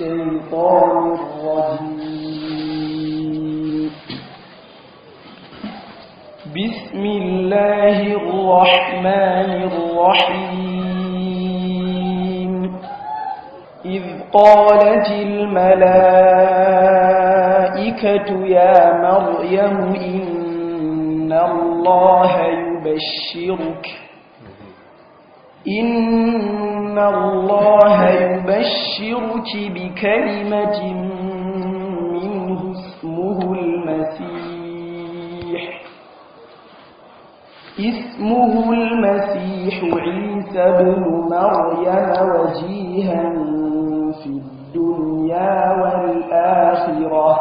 الشيطان الرجيم بسم الله الرحمن الرحيم إذ قالت الملائكة يا مريم إن الله يبشرك إن إن الله يبشرك بكلمة منه اسمه المسيح اسمه المسيح عيسى بن مريم وجيها في الدنيا والآخرة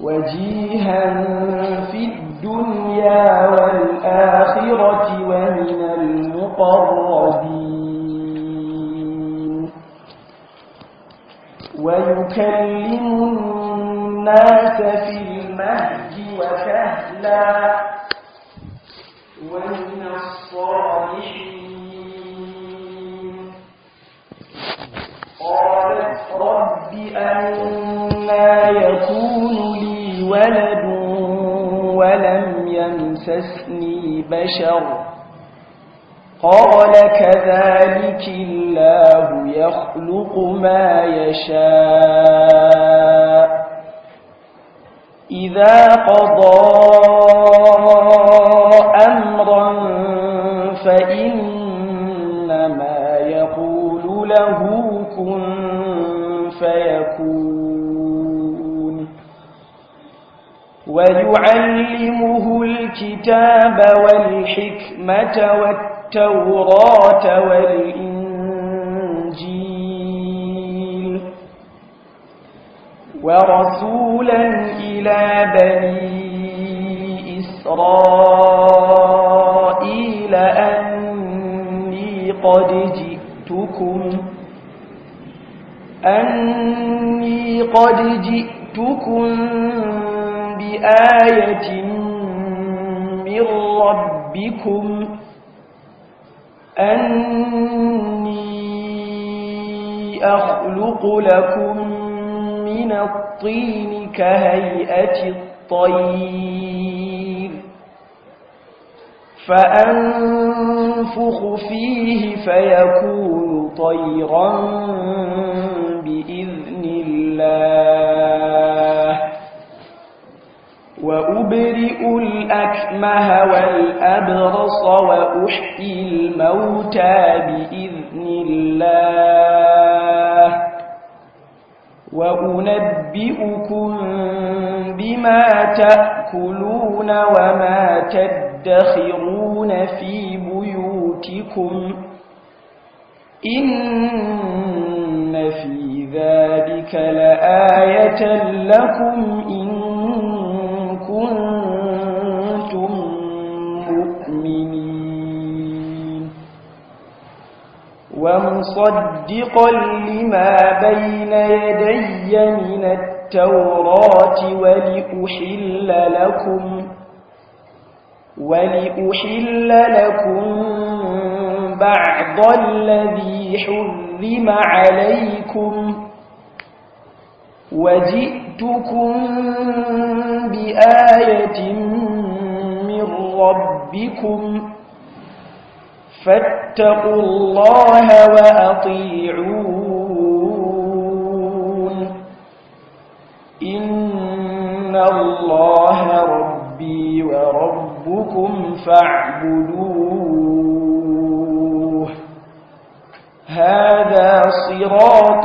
وجيها في الدنيا والآخرة ومن المسيح المقربين ويكلم الناس في المهد وكهلا ومن الصالحين قالت رب أنا يكون لي ولد ولم يمسسني بشر قال كذلك الله يخلق ما يشاء إذا قضى أمرا فإنما يقول له كن فيكون ويعلمه الكتاب والحكمة والتقوى التوراة والإنجيل ورسولا إلى بني إسرائيل أني قد جئتكم أني قد جئتكم بآية من ربكم أني أخلق لكم من الطين كهيئة الطير فأنفخ فيه فيكون طيرا بإذن الله وأبرئ الأكمه والأبرص وأحيي الموتى بإذن الله وأنبئكم بما تأكلون وما تدخرون في بيوتكم إن في ذلك لآية لكم إن كنتم مؤمنين ومصدقا لما بين يدي من التوراة ولأحل لكم ولأحل لكم بعض الذي حرم عليكم وجئتكم بآية من ربكم فاتقوا الله وأطيعون إن الله ربي وربكم فاعبدوه هذا صراط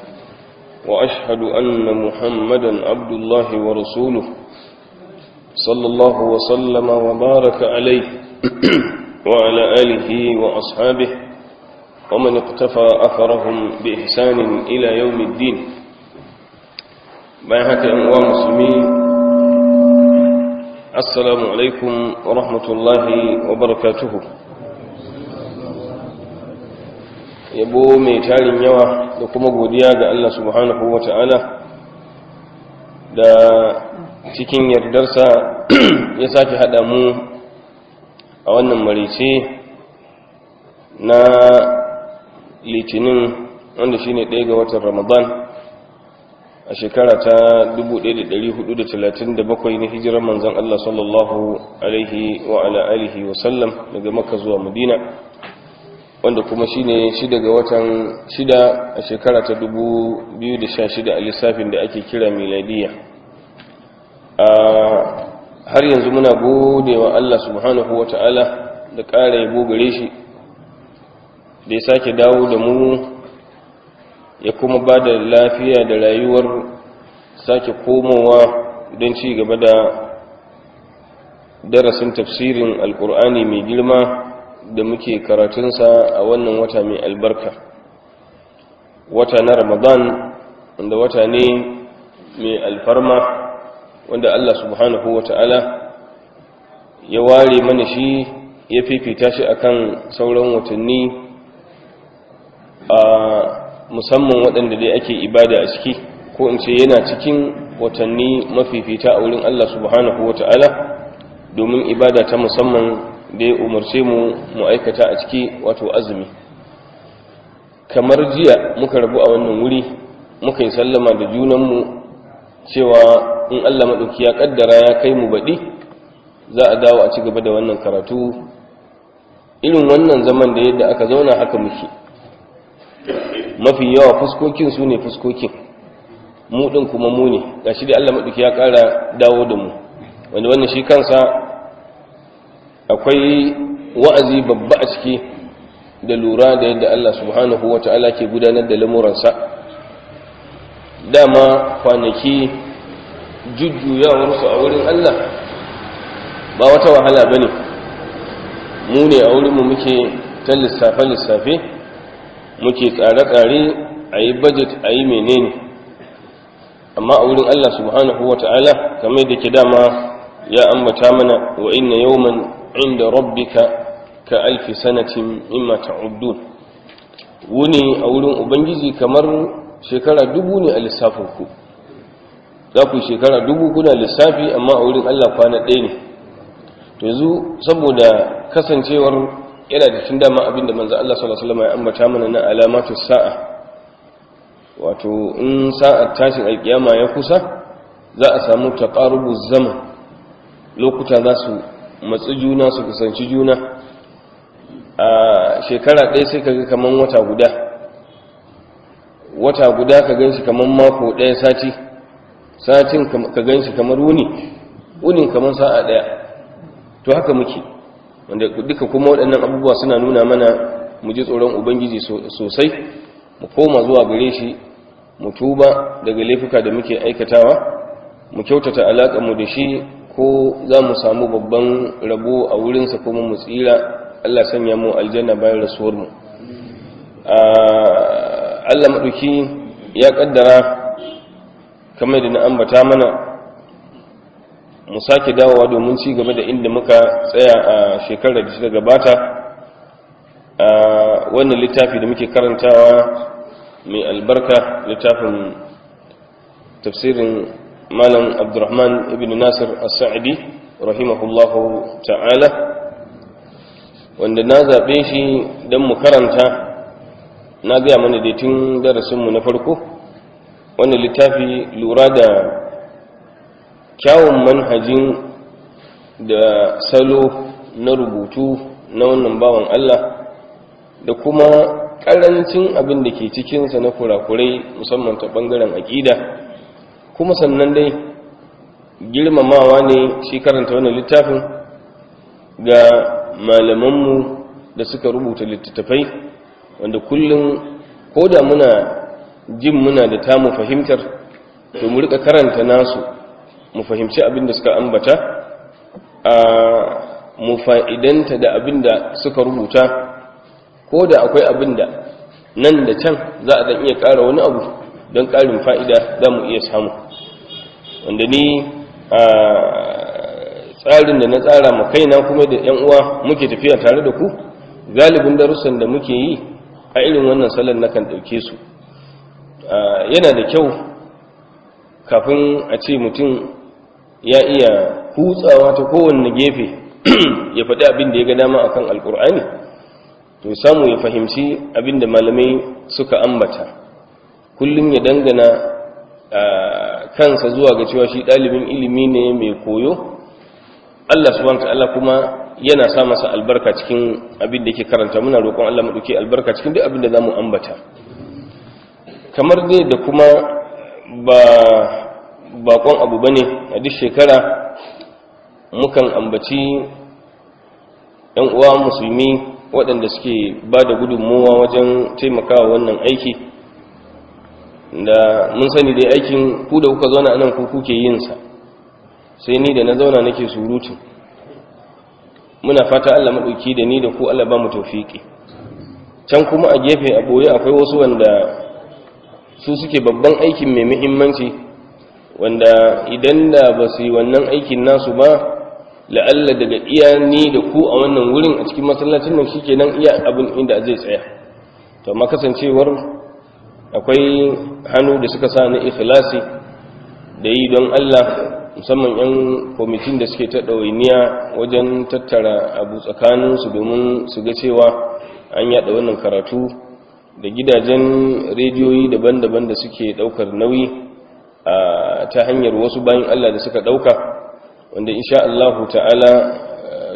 وأشهد أن محمدا عبد الله ورسوله صلى الله وسلم وبارك عليه وعلى آله وأصحابه ومن اقتفى أثرهم بإحسان إلى يوم الدين بايحك أنواع المسلمين السلام عليكم ورحمة الله وبركاته yabo mai tarin yawa da kuma godiya ga Allah subhanahu wa ta'ala da cikin yardarsa ya sake haɗa mu a wannan marice na litinin wanda shi ne ɗaya ga watan ramadan a shekara ta 1437 na hijirar manzan Allah sallallahu alaihi wa ala alihi wasallam daga maka zuwa madina wanda kuma shine shi daga watan shida a shekara ta 2016 a lissafin da ake kira miladiya har yanzu muna gode wa Allah subhanahu wa ta'ala da ƙara yabo gare shi da ya sake dawo da mu ya kuma ba da lafiya da rayuwar sake komowa don ci gaba da darasin tafsirin alkur'ani mai girma da muke karatunsa a wannan wata mai albarka wata na ramadan wanda wata ne mai alfarma wanda allah subhanahu wa ta'ala ya ware mana shi ya fifita shi akan sauran watanni a musamman waɗanda dai ake ibada a ciki ko in ce yana cikin watanni mafifita a wurin allah subhanahu wa ta'ala domin ibada ta musamman da ya umarce mu mu aikata a ciki wato azumi kamar jiya muka rabu a wannan wuri muka yi sallama da junanmu cewa in Allah maɗauki ya ƙaddara ya kai mu baɗi za a dawo a ci gaba da wannan karatu irin wannan zaman da yadda aka zauna haka muke mafi yawa fuskokin su ne fuskokin mu ɗin kuma mu ne ga shi dai Allah maɗauki ya ƙara dawo da mu wanda wannan shi kansa akwai wa'azi babba a ciki da lura da yadda Allah subhanahu wa ta'ala ke gudanar da lamuransa dama kwanaki jujjuyawarsu a wurin Allah ba wata wahala ba ne mu ne a wurinmu muke ta lissafe-lissafe muke tsare-tsare a yi budget a yi menene amma a wurin Allah subhanahu wa ta'ala kamar da ke dama ya ambata mana wa inna yawman inda rabbika ka alfi sanatin mimma ta'uddun wuni a wurin ubangiji kamar shekara dubu ne a za ku shekara dubu kuna lissafi amma a wurin Allah kwana ɗaya ne to yanzu saboda kasancewar yana da cikin dama abinda manzo Allah sallallahu alaihi wasallam ya ambata mana na alamatu sa'a wato in sa'a tashin alkiyama ya kusa za a samu taqarubuz zaman lokuta za su matsi juna su kusanci juna a shekara ɗaya sai kaga kaman wata guda wata guda ka ganshi kaman mako ɗaya sati satin ka ganshi kamar wuni wunin kamar sa'a ɗaya to haka muke wanda duka kuma waɗannan abubuwa suna nuna mana mu ji tsoron ubangiji sosai mu koma zuwa gare shi mu tuba daga laifuka da muke aikatawa mu kyautata alaƙarmu da shi ko za mu samu babban rabo a wurinsa kuma mu tsira Allah sanya mu aljanna bayan rasuwar mu Allah maduki ya ƙaddara kamar da na ambata mana mu sake dawowa domin ci gaba da inda muka tsaya a shekarar da ta gabata a wannan littafi da muke karantawa mai albarka littafin tafsirin malam abdurrahman ibn nasir as-sa'idi rahimahullahu ta'ala wanda na zaɓe shi don mu karanta na gaya mana darasin darasinmu na farko wannan littafi lura da kyawun manhajin da salo na rubutu na wannan bawan Allah da kuma ƙarancin abin da ke cikinsa na kurakurai musamman ta ɓangaren aƙida kuma sannan dai girmamawa ne shi karanta wani littafin ga malamanmu da suka rubuta littattafai wanda kullum ko da muna jin muna da tamu fahimtar to mu rika karanta nasu mu fahimci abin da suka ambata a mu fa'idanta da abin da suka rubuta ko da akwai abin da nan da can za a dan iya ƙara wani abu don ƙarin fa'ida za mu iya samu wanda ni a tsarin da na tsara ma kaina kuma da ‘yan uwa muke tafiya tare da ku galibin darussan da muke yi a irin wannan salon na kan ɗauke su yana da kyau kafin a ce mutum ya iya kutsawa ta kowanne gefe ya faɗi abin da ya ga dama akan alƙur'ani to samu ya fahimci abin da malamai suka ambata kullum ya dangana kansa zuwa ga cewa shi ɗalibin ilimi ne mai koyo Allah subhanahu Allah kuma yana sa masa albarka cikin abin da yake karanta muna roƙon Allah mu ɗauke albarka cikin duk abin da zamu ambata kamar dai da kuma ba bakon abu bane a duk shekara mukan ambaci ɗan uwa musulmi waɗanda suke ba da gudunmowa wajen taimakawa wannan aiki da mun sani dai aikin ku da kuka zauna anan ku kuke yin sa sai ni da na zauna nake surutu muna fata Allah madauki da ni da ku Allah ba mu tawfiki can kuma a gefe a boye akwai wasu wanda su suke babban aikin mai muhimmanci wanda idan da ba su wannan aikin nasu ba la'alla daga iya ni da ku a wannan wurin a cikin masallacin nan shikenan iya abin inda zai tsaya to amma kasancewar akwai hannu da suka sa na ikhlasi da yi don Allah musamman 'yan kwamitin da suke ta ɗawainiya wajen tattara abu tsakanin su domin su ga cewa an yada wannan karatu da gidajen rediyoyi daban-daban da suke ɗaukar nauyi ta hanyar wasu bayan Allah da suka ɗauka wanda insha Allahu ta'ala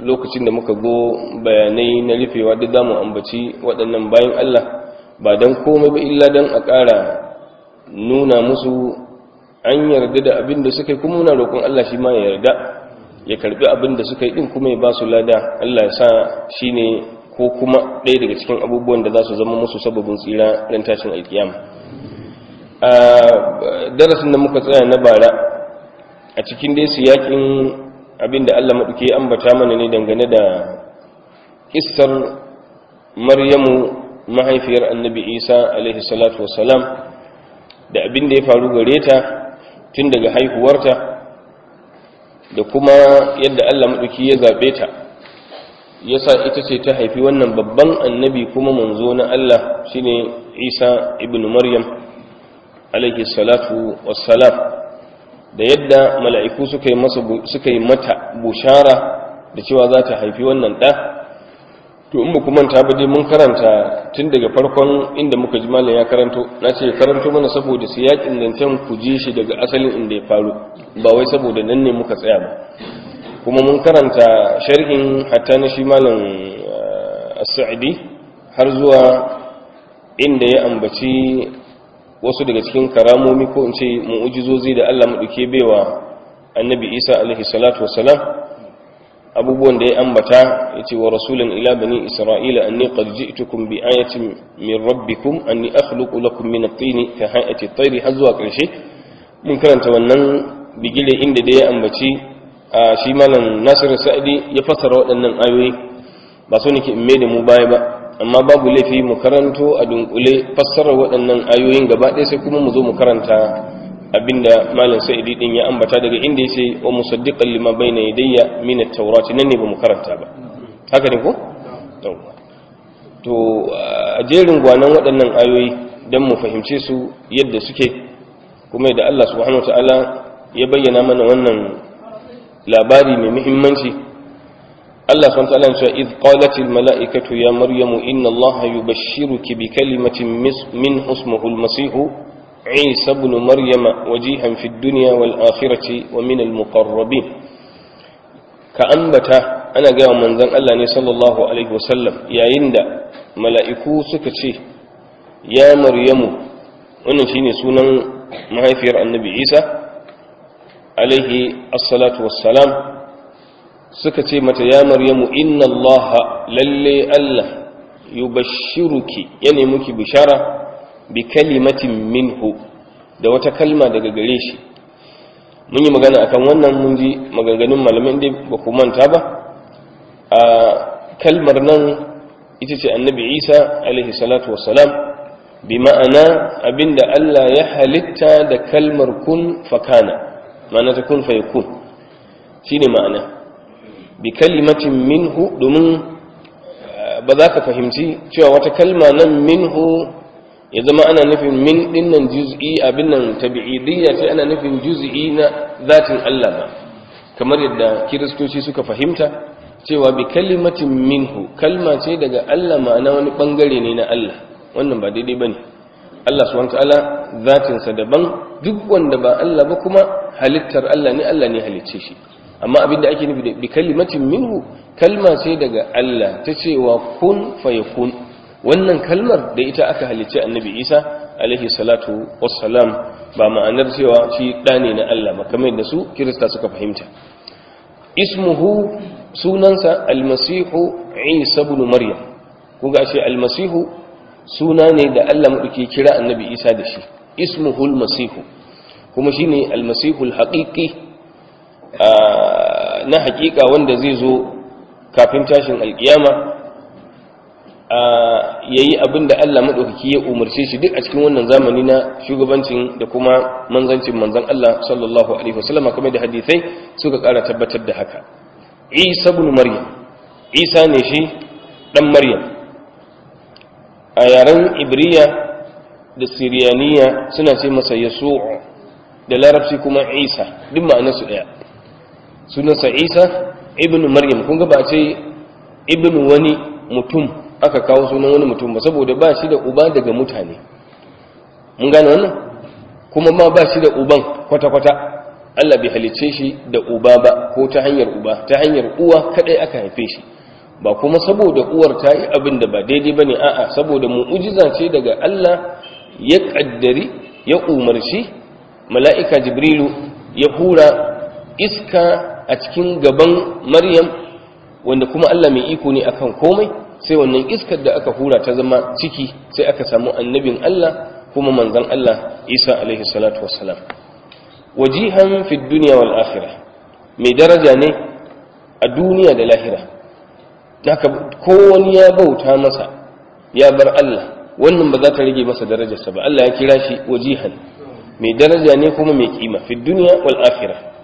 lokacin da muka go bayanai na rufewa duk mu ambaci waɗannan bayan Allah ba don komai ba illa don a ƙara nuna musu an yarda da abin da suka yi kuma muna roƙon Allah shi ma ya yarda ya karɓi abin da suka yi ɗin kuma ya ba su lada Allah ya sa shi ne ko kuma ɗaya daga cikin abubuwan da za su zama musu sababin tsira ɗan tashin alkiyam a darasin da muka tsaya na bara a cikin dai yakin abin da Allah maɗuke ambata mana ne dangane da kissar maryamu mahaifiyar annabi isa alaihi salatu wasalam da abin da ya faru gare ta tun daga haihuwarta da kuma yadda allah maɗuki ya zaɓe ta ya sa ita ce ta haifi wannan babban annabi kuma manzo na allah shine isa ibn maryam alaihi salatu wasalam da yadda mala'iku suka yi mata bushara da cewa za ta haifi wannan ɗan to in muku manta ba dai mun karanta tun daga farkon inda muka ji malam ya karanto na ce karanto mana saboda su yakin zancen ku je shi daga asalin inda ya faru ba wai saboda nan ne muka tsaya ba kuma mun karanta sharhin hatta na shi malam eh, as-sa'idi har zuwa inda ya ambaci wasu daga cikin karamomi ko in ce mu'ujizozi da Allah mu dauke baiwa annabi Isa alaihi salatu wassalam abubuwan da ya ambata ya ce wa rasulun ila bani isra'ila ne qad ji'tukum bi ayatin min rabbikum anni akhluqu lakum min at-tin ka hay'ati at har zuwa ƙarshe mun karanta wannan bigile inda da ya ambaci a shi malam Nasir sa'adi ya fassara waɗannan ayoyi ba so nake in mai da mu baya ba amma babu laifi mu karanto a dunkule fassarar waɗannan ayoyin gaba ɗaya sai kuma mu zo mu karanta abinda malam sa'idi din ya ambata daga inda yace wa musaddiqan lima bayna yadayya min at-taurati nan ne mu karanta ba haka ne ko to a jerin gwanan waɗannan ayoyi dan mu fahimce su yadda suke kuma da Allah subhanahu wataala ya bayyana mana wannan labari mai muhimmanci Allah subhanahu wataala ya ce id qalatil mala'ikatu ya maryamu inna allaha yubashshiruki bi kalimatin min ismihi al-masih عيسى بن مريم وجيها في الدنيا والآخرة ومن المقربين كأنبتا أنا جاء من ذن الله صلى الله عليه وسلم يا يندى ملائكو سكتشي يا مريم wannan shine sunan mahaifiyar annabi isa alaihi assalatu wassalam suka ce mata ya maryamu inna allaha lalle allah yubashshiruki ya nemi muki bishara bi kalimatin minhu da wata kalma daga gare shi mun yi magana akan wannan mun ji maganganun malamin da ba ku manta ba a kalmar nan ita ce annabi isa alaihi salatu wassalam bi ma'ana abinda allah ya halitta da kalmar kun fakana ma'ana ta kun fayakun shi ne ma'ana bi kalimatin minhu domin ba za ka fahimci cewa wata kalma nan minhu ya zama ana nufin min dinnan juz'i abin nan tabi'idiyya ce ana nufin juz'i na zatin Allah ba kamar yadda kiristoci suka fahimta cewa bi kalimatin minhu kalma ce daga Allah ma'ana wani bangare ne na Allah wannan ba daidai bane Allah subhanahu ta'ala zatin sa daban duk wanda ba Allah ba kuma halittar Allah ne Allah ne halicce shi amma abin da ake nufi da bi kalimatin minhu kalma ce daga Allah ta cewa kun fayakun wannan kalmar da ita aka halicci annabi isa alaihi salatu wassalam ba ma'anar cewa shi ɗa ne na allah ba kamar da su kirista suka fahimta ismuhu sunansa almasihu isa ibn maryam ko ga shi almasihu suna ne da allah maɗauki kira annabi isa da shi ismuhu almasihu kuma shine almasihu alhaqiqi ah, na haƙiƙa wanda zai zo kafin tashin alƙiyama Yayi abin da Allah maɗaukaki ya umarce shi duk a cikin wannan zamani na shugabancin da kuma manzancin manzon Allah sallallahu Alaihi wasallam kamar da hadisi suka ƙara tabbatar da haka. Isa ibn Maryam, Isa ne shi ɗan Maryam. A yaren Ibriya da Siriyaniya suna ce masa Yesu da Larabci kuma Isa, duk ma'anarsu ɗaya. Sunansa Isa, Ibn Maryam, kun ga ba ce Ibn wani mutum aka kawo sunan wani mutum ba saboda ba shi da uba daga mutane mun gane wannan kuma ma ba shi da uban kwata-kwata Allah bai halicce shi da uba ba ko ta hanyar uba ta hanyar uwa kadai aka haife shi ba kuma saboda uwar ta yi abin da ba daidai ba ne a'a saboda mu'ujiza ce daga Allah ya kaddari ya umarci mala'ika jibrilu ya hura iska a cikin gaban maryam wanda kuma Allah mai iko ne akan komai sai wannan iskar da aka hura ta zama ciki sai aka samu annabin Allah kuma manzon Allah Isa alaihi salatu wassalam wajihan fi dunya wal akhirah mai daraja ne a duniya da lahira haka kowani ya bauta masa ya bar Allah wannan ba za ta rage masa darajarsa ba Allah ya kira shi wajihan mai daraja ne kuma mai kima fi dunya wal akhirah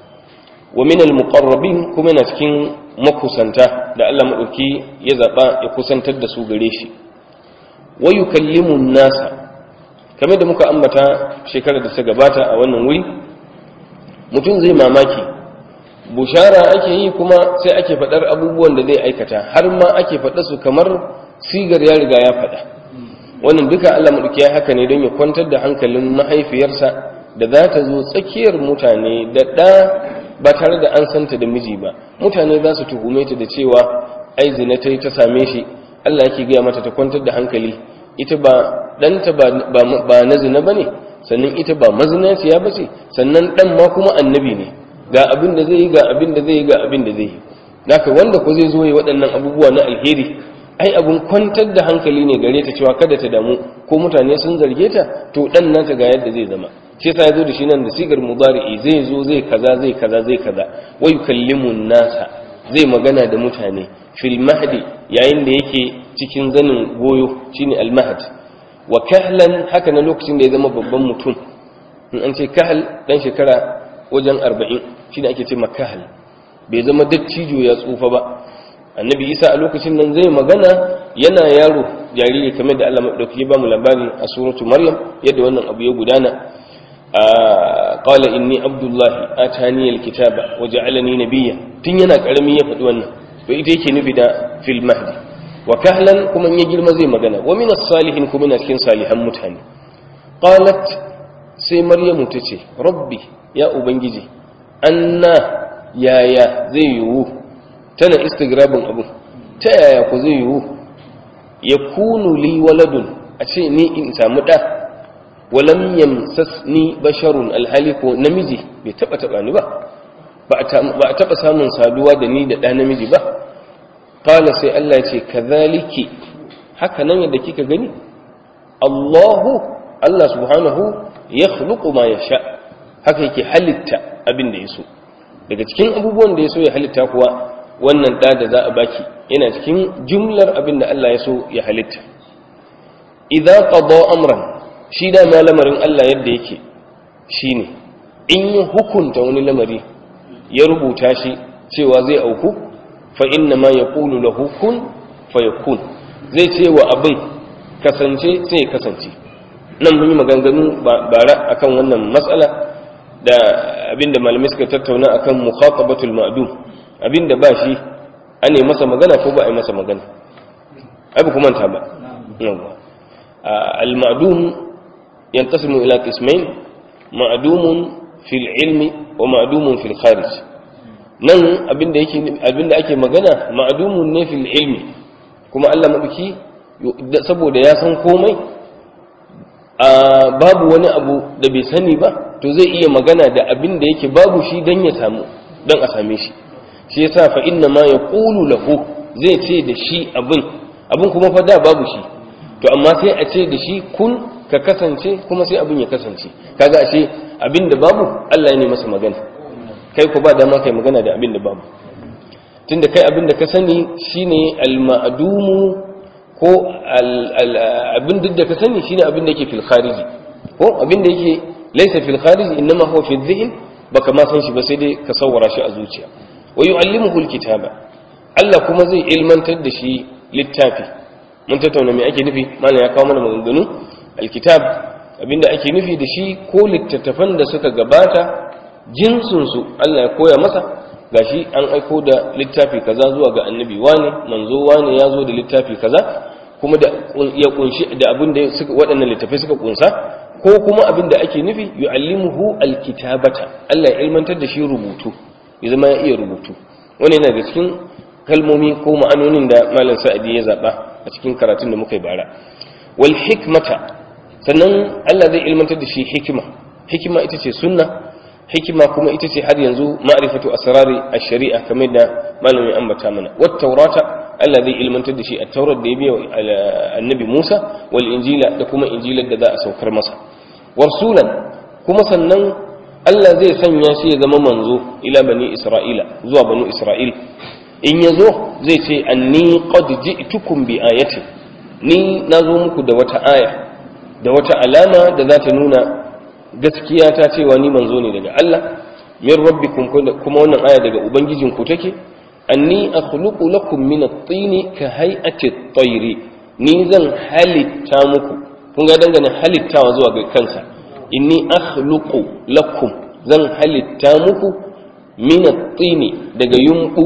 wa min al-muqarrabin kuma na cikin makusanta da Allah madauki ya zaba ya kusantar da su gare shi wa yukallimu nasa kamar da muka ambata shekarar da ta gabata a wannan wuri mutum zai mamaki bushara ake yi kuma sai ake faɗar abubuwan da zai aikata har ma ake faɗa su kamar sigar ya riga ya faɗa wannan duka Allah madauki ya haka ne don ya kwantar da hankalin mahaifiyarsa da za ta zo tsakiyar mutane da ɗa ba tare da an santa da miji ba mutane za su tuhume ta da cewa ai zina ta yi ta same shi Allah yake gaya mata ta kwantar da hankali ita ba ɗanta ba na zina ba ne sannan ita ba mazinaciya ba ce sannan ɗan ma kuma annabi ne ga abin da zai yi ga abin da zai yi ga abin da zai yi naka wanda ko zai zo yi waɗannan abubuwa na alheri ai abin kwantar da hankali ne gare ta cewa kada ta damu ko mutane sun zarge ta to ɗan nata ga yadda zai zama shi yasa ya zo da shi nan da sigar mudari'i zai zo zai kaza zai kaza zai kaza wa yukallimu nasa zai magana da mutane fil mahdi yayin da yake cikin zanin goyo shine al mahd wa kahlan haka na lokacin da ya zama babban mutum in an ce kahl dan shekara wajen 40 shine ake ce makahl bai zama dattijo ya tsufa ba annabi isa a lokacin nan zai magana yana yaro jariri kamar da Allah madauki ba bamu labarin a suratu maryam yadda wannan abu ya gudana qala inni Kitaba, waje alkitaba na nabiyya tun yana karami ya faɗi wannan to ita yake nufi da fil mahdi wa kahlan kuma in ya girma zai magana wa min as-salihin kuma na cikin salihan mutane qalat sai maryamu tace rabbi ya ubangiji anna yaya zai yiwu tana instagramin abu ta yaya ku zai yiwu yakunu li waladun a ce ni in samu da walam yamsasni basharun alhali ko namiji bai taba taba ni ba ba a taba samun saduwa da ni da ɗa namiji ba qala sai Allah ya ce kadhaliki haka nan yadda kika gani Allahu Allah subhanahu ya khluqu ma sha. haka yake halitta abin da yaso daga cikin abubuwan da ya so ya halitta kuwa wannan ɗa da za a baki yana cikin jumlar abin da Allah ya so ya halitta Idan qada amran shi dama lamarin Allah yadda yake shi ne in ya hukunta wani lamari ya rubuta shi cewa zai auku fa inna ma ya kulu da hukun fa ya kun zai ce wa abin kasance sai ya kasance nan mun yi maganganu bara kan wannan matsala da abinda malamai suka tattauna a akan mukhatabatul abin abinda ba shi an yi masa magana ko ba a yi masa magana abu ba kuma ta ba al maadun ينقسم إلى قسمين معدوم في العلم ومعدوم في الخارج nan abinda ake magana ma'adumun ne fil ilmi kuma Allah maɗuki saboda ya san komai babu wani abu da bai sani ba to zai iya magana da abin da yake babu shi don ya samu don a same shi shi yasa fa inna ma ya kulu lahu zai ce da shi abin abin kuma fa da babu shi to amma sai a ce da shi kun ka kasance kuma sai abin ya kasance kaga ashe abin da babu Allah ne masa magana kai ku ba dama kai magana da abin da babu tunda kai abin da ka sani shine al-ma'dumu ko abin da ka sani shine abin da yake fil khariji ko abin da yake laysa fil khariji inma huwa fi dhihn baka ma san shi ba sai dai ka sawara shi a zuciya wa yu'allimuhu al-kitaba Allah kuma zai ilmantar da shi littafi mun tattauna me ake nufi malam ya kawo mana maganganu alkitab abinda ake nufi da shi ko littattafan da suka gabata jinsinsu Allah ya koya masa gashi an aiko da littafi kaza zuwa ga annabi wani manzo wani ya zo da littafi kaza kuma da ya kunshi da abin da suka waɗannan littafai suka kunsa ko kuma abin da ake nufi yu'allimuhu alkitabata Allah ya ilmantar da shi rubutu ya zama ya iya rubutu wani yana da cikin kalmomi ko ma'anonin da malam sa'adi ya zaɓa a cikin karatun da muka yi bara wal hikmata sannan Allah zai ilmantar da shi hikima hikima ita ce sunna hikima kuma ita ce har yanzu ma'rifatu asrari ash-shari'a kamar da malamin ambata mana wat taurata Allah zai ilmantar da shi a taurat da ya biya annabi Musa wal injila da kuma injilar da za a saukar masa warsulan kuma sannan Allah zai sanya shi ya zama manzo ila bani Isra'ila zuwa bani Isra'il in yazo zai ce anni qad ji'tukum bi ayati ni nazo muku da wata aya da wata alama da za ta nuna gaskiya ta cewa ni manzo ne daga Allah min rabbikum kuma wannan aya daga ubangijin ku take anni akhluqu lakum min at-tini ka hay'ati at-tayri ni zan halitta muku kun ga dangane halittawa zuwa ga kansa inni akhluqu lakum zan halitta muku min at-tini daga yumbu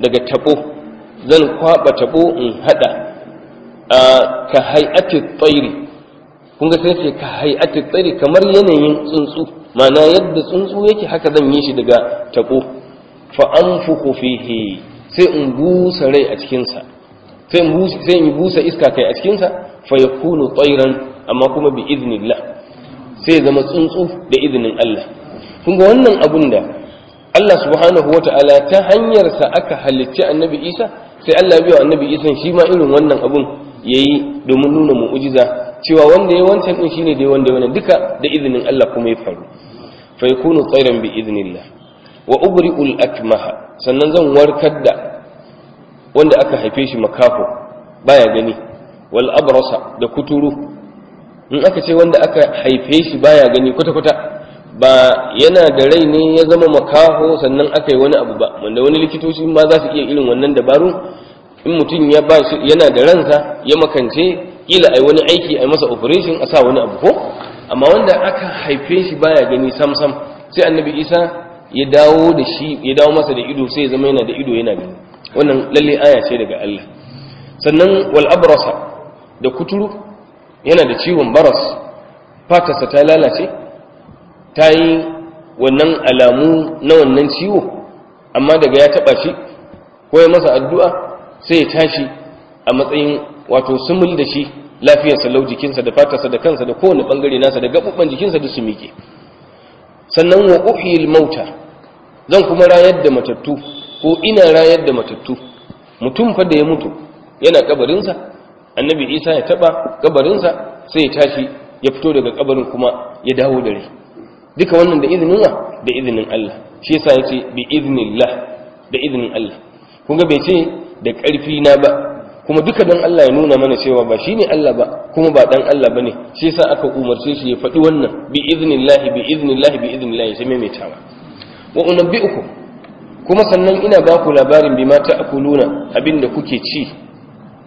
daga tabo zan kwaba tabo in hada ka hay'ati tsairi kun ga sai ce ka hay'ati tsairi kamar yanayin tsuntsu ma'ana yadda tsuntsu yake haka zan yi shi daga tako fa anfuku fihi sai in busa rai a cikin sai in busa sai in busa iska kai a cikin sa fa yakunu tsairan amma kuma bi idnillah sai zama tsuntsu da izinin Allah kun ga wannan abun da Allah subhanahu wata'ala ta hanyarsa aka halicci annabi Isa sai Allah ya biya annabi Isa shi ma irin wannan abun yayi domin nuna mu'jiza cewa wanda ya wancan din shine dai wanda wannan duka da izinin Allah kuma ya faru fa yakunu tsairan bi idnillah wa ubri'u al-akmaha sannan zan warkar da wanda aka haife shi makafo baya gani wal abrasa da kuturu in aka ce wanda aka haife shi baya gani kwata kwata ba yana da rai ne ya zama makaho sannan aka yi wani abu ba wanda wani likitoci ma za su iya irin wannan dabarun in mutum ya ba shi yana da ransa ya makance kila ai wani aiki ai masa operation a sa wani abu ko amma wanda aka haife shi baya gani sam sam sai annabi isa ya dawo da shi ya dawo masa da ido sai ya zama yana da ido yana gani wannan lalle aya ce daga Allah sannan wal abrasa da kuturu yana da ciwon baras fatarsa ta lalace ta yi wannan alamu na wannan ciwo amma daga ya taba shi ko ya masa addu'a sai ya tashi a matsayin wato sumul da shi lafiyarsa sallau jikinsa da fatarsa da kansa da kowane bangare nasa da gaɓuɓɓan jikinsa da su miƙe sannan wa uhiyil mauta zan kuma rayar da matattu ko ina rayar da matattu mutum fa da ya mutu yana kabarinsa annabi isa ya taɓa kabarinsa sai ya tashi ya fito daga kabarin kuma ya dawo da duka wannan da izinin wa da izinin Allah shi yasa yace bi iznillah da izinin Allah kun ga bai ce da ƙarfi na ba kuma duka dan Allah ya nuna mana cewa ba shine Allah ba kuma ba dan Allah bane shi yasa aka umarce shi ya faɗi wannan bi iznillahi bi iznillahi bi iznillahi sai mai tawa wa unabbiukum kuma sannan ina ba ku labarin bima ta'kuluna abinda kuke ci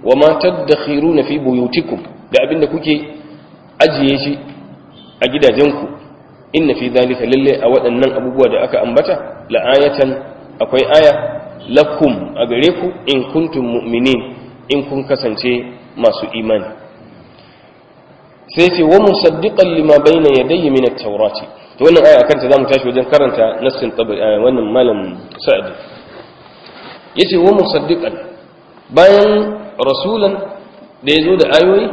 wa ma tadakhiruna fi buyutikum da abinda kuke ajiye shi a gidajenku inna fi zalika lalle a waɗannan abubuwa da aka ambata la'ayatan akwai aya lakum a gare ku in kuntum mu'minin in kun kasance masu imani sai ce wa musaddiqan lima bayna yadayhi min at-taurati to wannan aya kanta zamu tashi wajen karanta nassin tabi eh, wannan malam sa'id yace wa musaddiqan bayan rasulan da yazo da ayoyi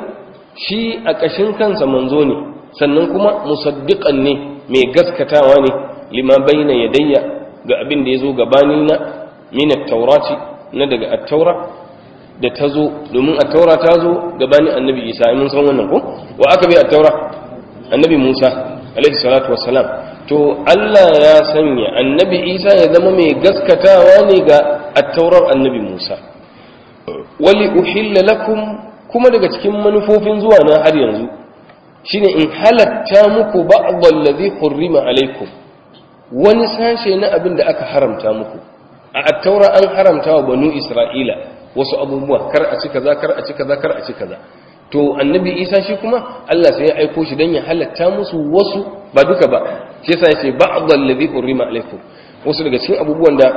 shi a kashin kansa manzo ne sannan kuma musaddiqan ne mai gaskatawa ne lima bayna yadayya ga abin da yazo gabanina min taurati na daga Attaura da ta zo domin Attaura ta zo gabanin annabi isa mun san wannan ko wa aka bi Attaura? annabi musa alaihi salatu wassalam to Allah ya sanya annabi isa ya zama mai gaskatawa ne ga Attaurar annabi musa wali uhilla lakum kuma daga cikin manufofin zuwa na har yanzu shine in halatta muku ba'd allazi hurrima alaikum wani sashe na abin da aka haramta muku a attaura an haramta wa banu isra'ila wasu abubuwa kar a ci kaza kar a ci kaza kar a ci kaza to annabi isa shi kuma Allah sai ya aiko shi dan ya halatta musu wasu ba duka ba shi yasa yace ba'd allazi urima alaykum wasu daga cikin abubuwan da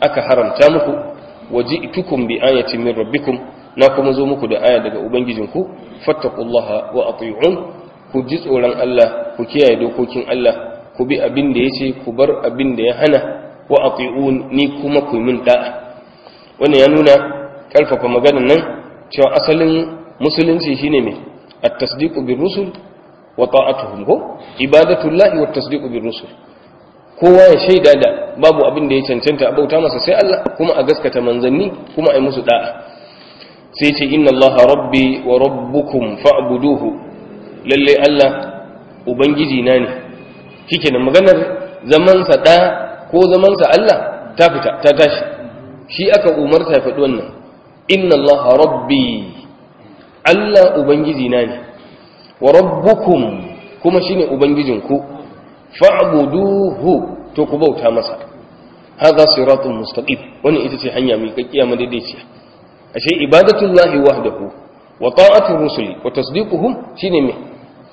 aka haramta muku waji'tukum bi ayati min rabbikum na kuma zo muku da aya daga ubangijinku fattaqullaha wa ati'un ku ji tsoron Allah ku kiyaye dokokin Allah ku bi abin da yace ku bar abin da ya hana wa ati'un ni kuma ku min da'a wannan ya nuna karfafa maganar nan cewa asalin musulunci shine me at-tasdiqu bir rusul wa ta'atuhum ko ibadatullahi wa tasdiqu bir rusul kowa ya shaida da babu abin da ya cancanta a bauta masa sai Allah kuma a gaskata manzanni kuma a yi musu da'a sai ce inna Allah rabbi wa rabbukum fa'buduhu lalle Allah ubangiji na ne da maganar zaman sa da ko zamansa Allah ta fita ta tashi shi aka umarta ya faɗi wannan inna Allah rabbi Allah ubangiji na ne wa rabbukum kuma shine ubangijinku fa'buduhu to ku bauta masa haza siratun mustaqim wannan ita ce hanya mai kakkiya madaidaiciya ashe ibadatullahi wahdahu wa ta'atu rusuli wa tasdiquhum shine mai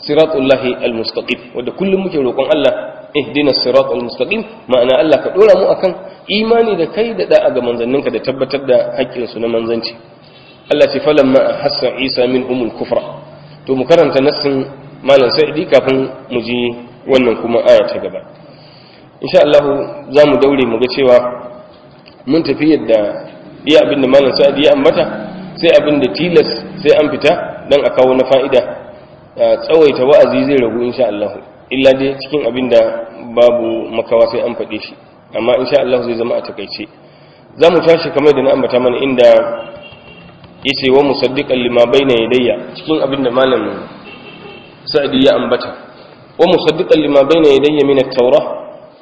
al almustaqim wanda kullum muke roƙon Allah ihdina sirat al-mustaqim ma'ana Allah ka dora mu akan imani da kai da da'a ga manzanninka da tabbatar da haƙƙin su na manzanci Allah ce ma hasan Isa min umul kufra to mu karanta nassin malam sa'idi kafin mu ji wannan kuma aya ta gaba insha Allah za mu daure mu ga cewa mun tafi yadda iya abin da malam sa'idi ya ambata sai abin da tilas sai an fita dan a kawo na fa'ida tsawaita wa'azi zai ragu insha Allah illa dai cikin abin da babu makawa sai an faɗe shi amma in sha Allah zai zama a takaice za mu tashi kamar da na ambata mana inda ya ce wa musaddiƙan lima bai na yadayya cikin abin da malam sa'adi ya ambata wa musaddiƙan lima bai na yadayya mina taura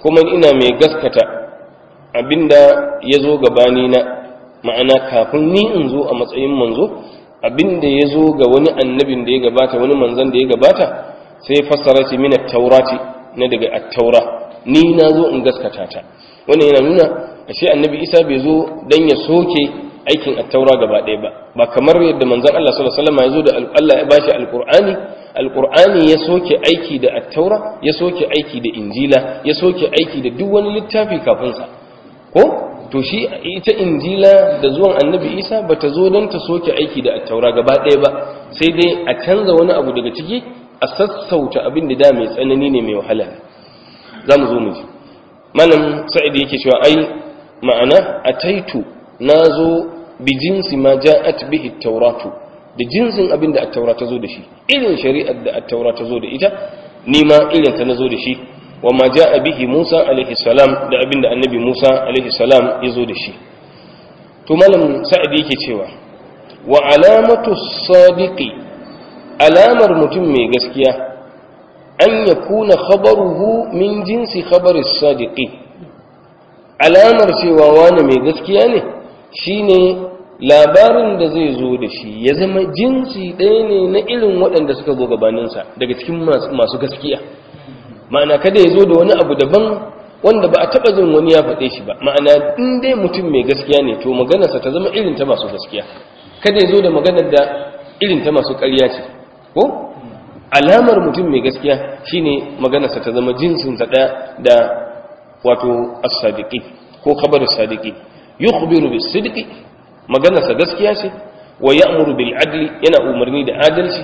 kuma ina mai gaskata abinda ya zo gabani na ma'ana kafin ni in zo a matsayin manzo abinda ya zo ga wani annabin da ya gabata wani manzan da ya gabata sai fassara ce mina taurati na daga attaura ni na zo in gaskata ta wannan yana nuna ashe annabi isa bai zo dan ya soke aikin attaura gaba ɗaya ba ba kamar yadda manzan Allah sallallahu alaihi wasallam ya zo da Allah ya bashi alqur'ani alqur'ani ya soke aiki da attaura ya soke aiki da injila ya soke aiki da duk wani littafi kafin sa ko to shi ita injila da zuwan annabi isa bata zo dan ta soke aiki da attaura gaba ɗaya ba sai dai a canza wani abu daga ciki a sassauta abin da da mai tsanani ne mai wahala za mu zo mu ji malam sa'id yake cewa ai ma'ana taitu na zo bi jinsi ma ja'at bihi tauratu da jinsin abin da attaura ta zo da shi irin shari'ar da attaura ta zo da ita ni ma irin ta na zo da shi wa ma ja'a bihi Musa alaihi salam da abin da annabi Musa alaihi salam ya zo da shi to malam sa'id yake cewa wa alamatu sadiqi alamar mutum mai gaskiya an ya kuna khabaruhu min jinsi khabar sadiqi alamar cewa wani mai gaskiya ne shine labarin da zai zo da shi ya zama jinsi ɗaya ne na irin waɗanda suka zo gabaninsa daga cikin masu gaskiya ma'ana kada ya zo da wani abu daban wanda ba a taɓa jin wani ya faɗe shi ba ma'ana in dai mutum mai gaskiya ne to maganarsa ta zama irin masu gaskiya kada ya zo da maganar da irin masu ƙarya ce ko alamar mutum mai gaskiya shine maganarsa ta zama jinsin ɗaya da wato as-sadiqi ko khabar as-sadiqi yukhbiru bis-sidqi maganarsa gaskiya ce wa ya'muru bil adli yana umarni da adalci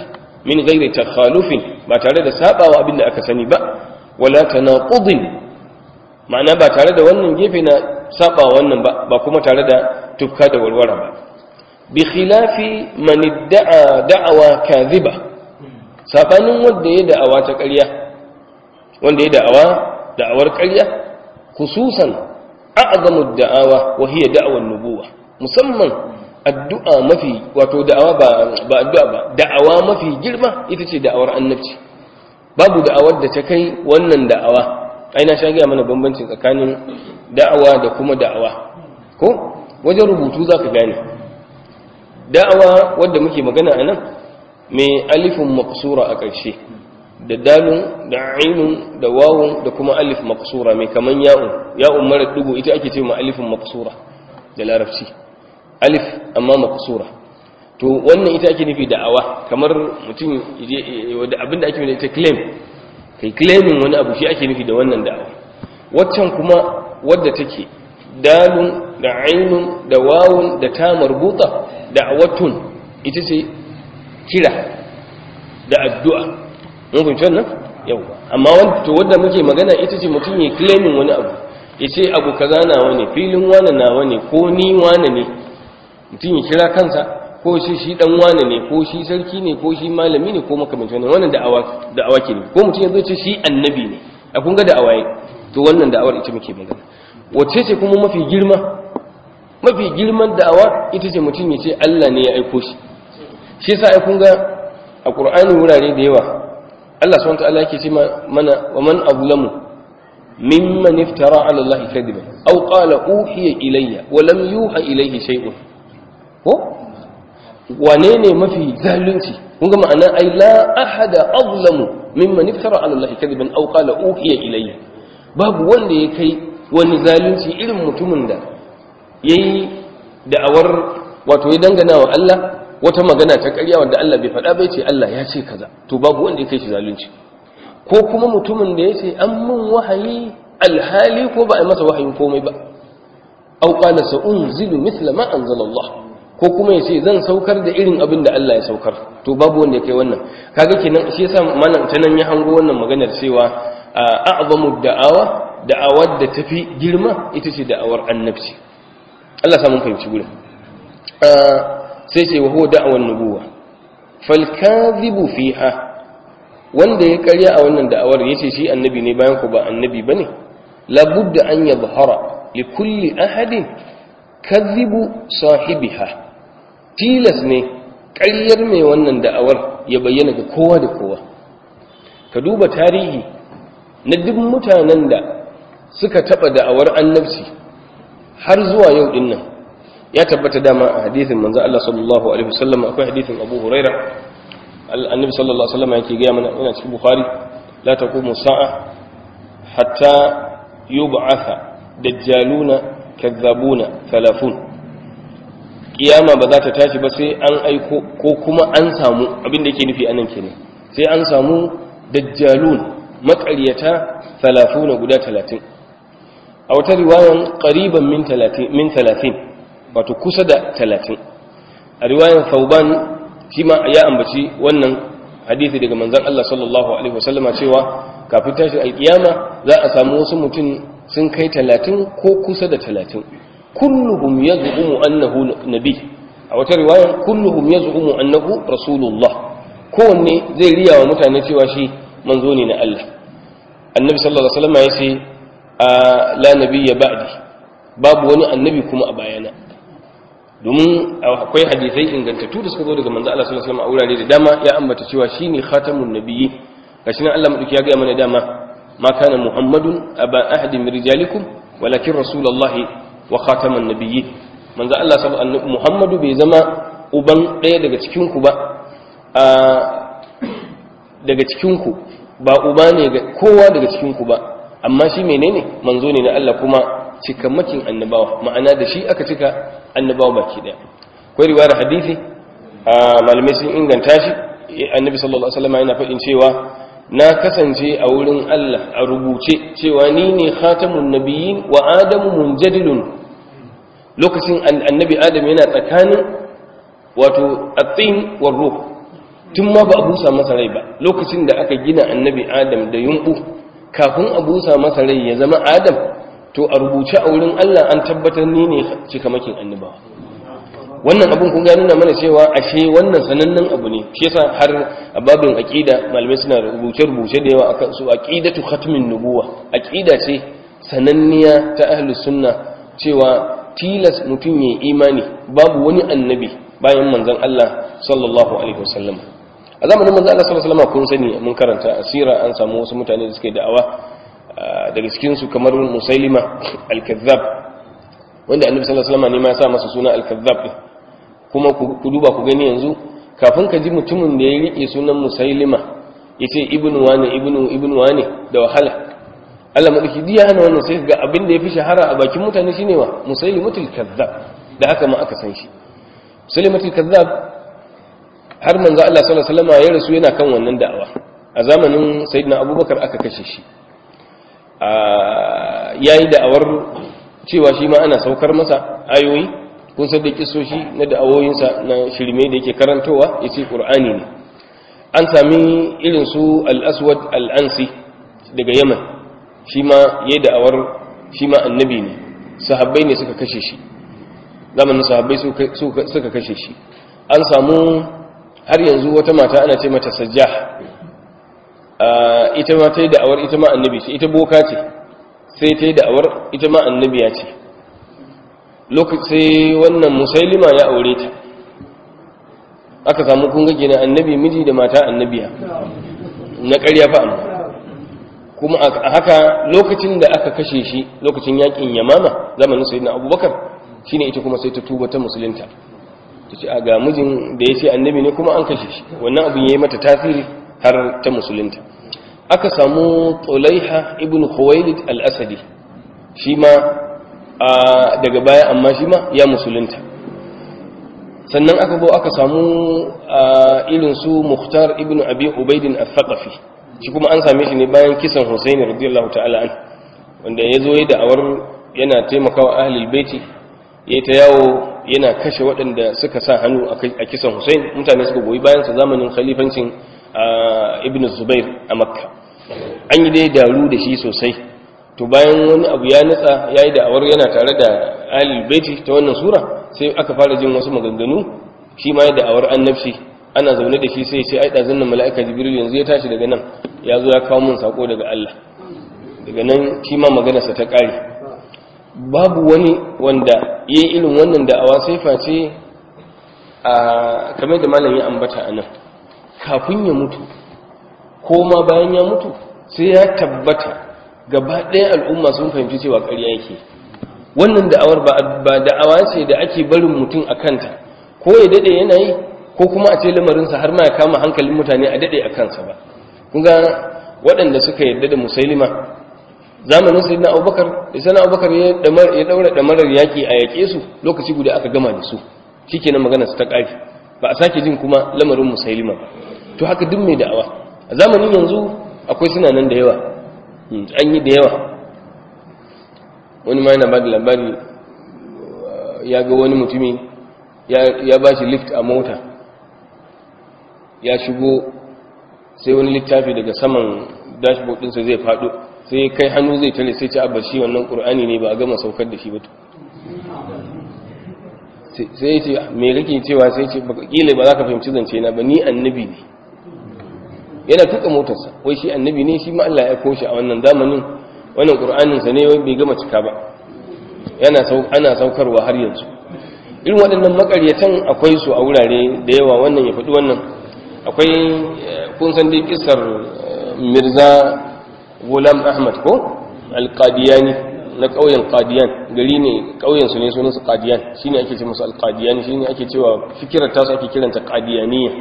min ghairi takhalufin ba tare da sabawa abin da aka sani ba wala tanaqudin ma'ana ba tare da wannan gefe na sabawa wannan ba ba kuma tare da tufka da warwara ba bi khilafi man da'a da'awa kadhiba sabanin wanda ya da'awa ta ƙarya wanda ya da'awa da'awar ƙarya khususan a'zamu da'awa wa hiya da'awan nubuwa musamman addu'a mafi wato da'awa ba ba addu'a ba da'awa mafi girma ita ce da'awar annabci babu da'awar da ta kai wannan da'awa aina sha gaya mana bambancin tsakanin da'awa da kuma da'awa ko wajen rubutu zaka gane da'awa wadda muke magana a nan mai alifin makasura a ƙarshe da dalun da ainihin da wawon da kuma alif makasura mai kaman ya'un ya'un mara dugu ita ake ce ma alifin makasura da larabci alif amma makasura to wannan ita ake nufi da'awa kamar mutum abinda ake nufi ita claim kai claimin wani abu shi ake nufi da wannan da'awa waccan kuma wadda take dalun da ainun da wawun da ta marbuta da'awatun ita ce kira da addu'a mun kunci wannan yau amma wanda to muke magana ita ce mutum ya claiming wani abu ya ce abu kaza nawa ne filin wani na ne ko ni wani ne mutum ya kira kansa ko shi shi dan wani ne ko shi sarki ne ko shi malami ne ko makamancin wani wannan da awa ke ne ko mutum ya zo ce shi annabi ne a kun ga da awaye. to wannan da awar ita muke magana wace ce kuma mafi girma mafi girman da awa ita ce mutum ya ce Allah ne ya aiko shi shi sa ai kun ga a qur'ani wurare da yawa Allah subhanahu wataala yake ce mana wa man azlamu mimman iftara ala Allah kadiban aw qala uhiya ilayya wa lam yuha ilayhi shay'un ko wane ne mafi zalunci kun ga ma'ana ai la ahada azlamu mimman iftara ala Allah kadiban aw qala uhiya ilayya babu wanda ya kai wani zalunci irin mutumin da yayi da'awar wato ya dangana wa Allah wata magana ta ƙarya wanda Allah bai faɗa bai ce Allah ya ce kaza to babu wanda ya kai shi zalunci ko kuma mutumin da ya ce an mun wahayi alhali ko ba a masa wahayin komai ba au qala sa unzilu mithla ma anzalallah ko kuma ya ce zan saukar da irin abin da Allah ya saukar to babu wanda ya kai wannan kaga kenan shi yasa malam ta nan ya hango wannan maganar cewa a'zamu da'awa da'awar da tafi girma ita ce da'awar annabci Allah sa mun fahimci gurin sai ce wa da'awar da'awan nubuwa fal fiha wanda ya karya a wannan da'awar yace shi annabi ne bayan ku ba annabi bane labudda an yadhhara li kulli ahadin kazibu sahibiha tilas ne ƙaryar mai wannan da'awar ya bayyana ga kowa da kowa ka duba tarihi na duk mutanen da suka taɓa da'awar annabci har zuwa yau ɗin nan ya tabbata dama a hadithin manzo Allah sallallahu alaihi wasallam akwai hadithin Abu Huraira annabi sallallahu alaihi wasallam yake gaya mana ina cikin Bukhari la taqumu sa'a hatta yub'atha dajjaluna kadhabuna 30 kiyama ba za ta tashi ba sai an aiko ko kuma an samu abin da yake nufi anan kenan sai an samu dajjalun maƙaryata 30 guda talatin. a wata riwayan qariban min talatin. min wato kusa da talatin a riwayan sauban shi ma ya ambaci wannan hadisi daga manzan Allah sallallahu alaihi wasallama cewa kafin tashin alkiyama za a samu wasu mutum sun kai talatin ko kusa da talatin kulluhum yaz'umu annahu nabi a wata riwayan kulluhum yaz'umu annahu rasulullah kowanne zai riya wa mutane cewa shi manzo ne na Allah annabi sallallahu alaihi wasallama ya ce la nabiyya ba'di babu wani annabi kuma a bayana domin akwai hadisai ingantattu da suka zo daga manzo Allah sallallahu alaihi wasallam a wurare da dama ya ambata cewa shine khatamun nabiyyi gashi nan Allah madauki ya ga mana dama ma kana muhammadun aba ahadi min rijalikum walakin rasulullahi wa khataman nabiyyi manzo Allah sallallahu muhammadu bai zama uban daya daga cikin ku ba a daga cikin ku ba uba ne ga kowa daga cikin ku ba amma shi menene manzo ne na Allah kuma cikamakin annabawa ma'ana da shi aka cika annabawa baki daya akwai riwayar hadisi malamai sun inganta shi annabi sallallahu alaihi wasallam yana faɗin cewa na kasance a wurin Allah a rubuce cewa ni ne khatamun nabiyyin wa adamu munjadilun lokacin annabi adam yana tsakanin wato atsin war ruh tun ma ba a busa masa rai ba lokacin da aka gina annabi adam da yumbu kafin a busa masa rai ya zama adam to a rubuce a wurin Allah an tabbatar ni ne cikamakin annabawa wannan abin kun gani na mana cewa ashe wannan sanannen abu ne shi yasa har a babin aqida malamai suna rubuce rubuce da yawa akan su aqidatu khatmin nubuwa aqida ce sananniya ta ahlus sunna cewa tilas mutum yi imani babu wani annabi bayan manzon Allah sallallahu alaihi wasallam a zamanin manzon Allah sallallahu alaihi wasallam kun sani mun karanta asira an samu wasu mutane da suke da'awa daga cikinsu kamar musailima al-kazzab wanda annabi sallallahu alaihi wasallam ne ma ya sa masa suna al-kazzab kuma ku duba ku gani yanzu kafin ka ji mutumin da ya rike sunan musailima yace ibnu wani ibnu ibnu wani da wahala Allah madaki diya hana wannan sai ga abin da yafi shahara a bakin mutane shine wa musailimatul kazzab da haka ma aka san shi musailimatul kazzab har manzo Allah sallallahu alaihi wasallam ya rasu yana kan wannan da'awa a zamanin sayyidina abubakar aka kashe shi ya yi da'awar cewa shi ma ana saukar masa ayoyi kun sadda kisoshi na da'awoyinsa na shirme da yake karantowa ya ce ƙur'ani ne an sami irin su al'aswad al'ansi daga yaman shi ma ya yi da'awar shi ma annabi ne sahabbai ne suka kashe shi zamanin sahabbai suka kashe shi an samu har yanzu wata mata ana ce mata sajjah ita ma ta yi da'awar ita ma annabi ce ita boka ce sai ta yi da'awar ita ma annabiya ce sai wannan musailima ya aure ta aka samu kunga gina annabi miji da mata annabiya na ƙarya fa amma kuma a haka lokacin da aka kashe shi lokacin yakin yamama zamanin sayyidina abubakar shine ita kuma sai ta tuba ta musulunta ta ce a ga mijin da ya ce annabi ne kuma an kashe shi wannan abin ya yi mata tasiri har ta musulunta aka samu tsulaiha ibn khuwailid al-asadi shi ma daga baya amma shi ma ya musulunta sannan aka go aka samu irin su muhtar ibn abi ubaidin al-thaqafi shi kuma an same shi ne bayan kisan husaini radiyallahu ta'ala an wanda ya zo ya da'awar yana taimakawa ahlul baiti ya ta yawo yana kashe waɗanda suka sa hannu a kisan husaini mutane suka goyi bayan sa zamanin khalifancin ibn zubair a makka an yi dai daru da shi sosai to bayan wani abu ya nutsa ya yi da'awar yana tare da alil baiti ta wannan sura sai aka fara jin wasu maganganu shi ma ya da'awar annabci ana zaune da shi sai ce ai ɗazin mala'ika jibril yanzu ya tashi daga nan ya zo ya kawo min sako daga allah daga nan shi ma maganarsa ta ƙare babu wani wanda ya yi irin wannan da'awa sai face a kamar da malam ya ambata a nan kafin ya mutu ko ma bayan ya mutu sai ya tabbata gaba ɗaya al'umma sun fahimci cewa ƙarya yake wannan da'awar ba da'awa ce da ake barin mutum a kanta ko ya daɗe yanayi, ko kuma a ce lamarinsa har ma ya kama hankalin mutane a daɗe a kansa ba kun waɗanda suka yarda da musailima zamanin na abubakar sayyidina abubakar ya ɗaura ɗamarar yaƙi a yaƙe su lokaci guda aka gama da su na magana su ta ƙari ba a sake jin kuma lamarin musailima ba to haka duk mai da'awa a zamanin yanzu akwai suna nan da yawa hmm, an yi da yawa wani ma yana ba da labari uh, ya ga wani mutumi ya ba shi lift a mota ya shigo sai wani littafi daga saman dashboard ɗinsa zai fado sai kai hannu zai tale sai ci abar shi wannan ƙur'ani ne ba a gama saukar da shi ba sai ce mai rikin cewa sai ce ba kila ba za ka fahimci zance na ba ni annabi ne yana tuka motarsa wai shi annabi ne shi ma Allah ya koshi a wannan zamanin wannan qur'anin sa ne bai gama cika ba yana sau ana saukarwa har yanzu irin waɗannan makaryatan akwai su a wurare da yawa wannan ya faɗi wannan akwai eh, kun san dai kissar eh, Mirza Gulam Ahmad ko al-Qadiyani na ƙauyen qadiyan gari ne ƙauyensu ne sunan su ƙadiyan shine ake ce musu al-qadiyani shine ake cewa fikirar tasu ake kiranta qadiyaniya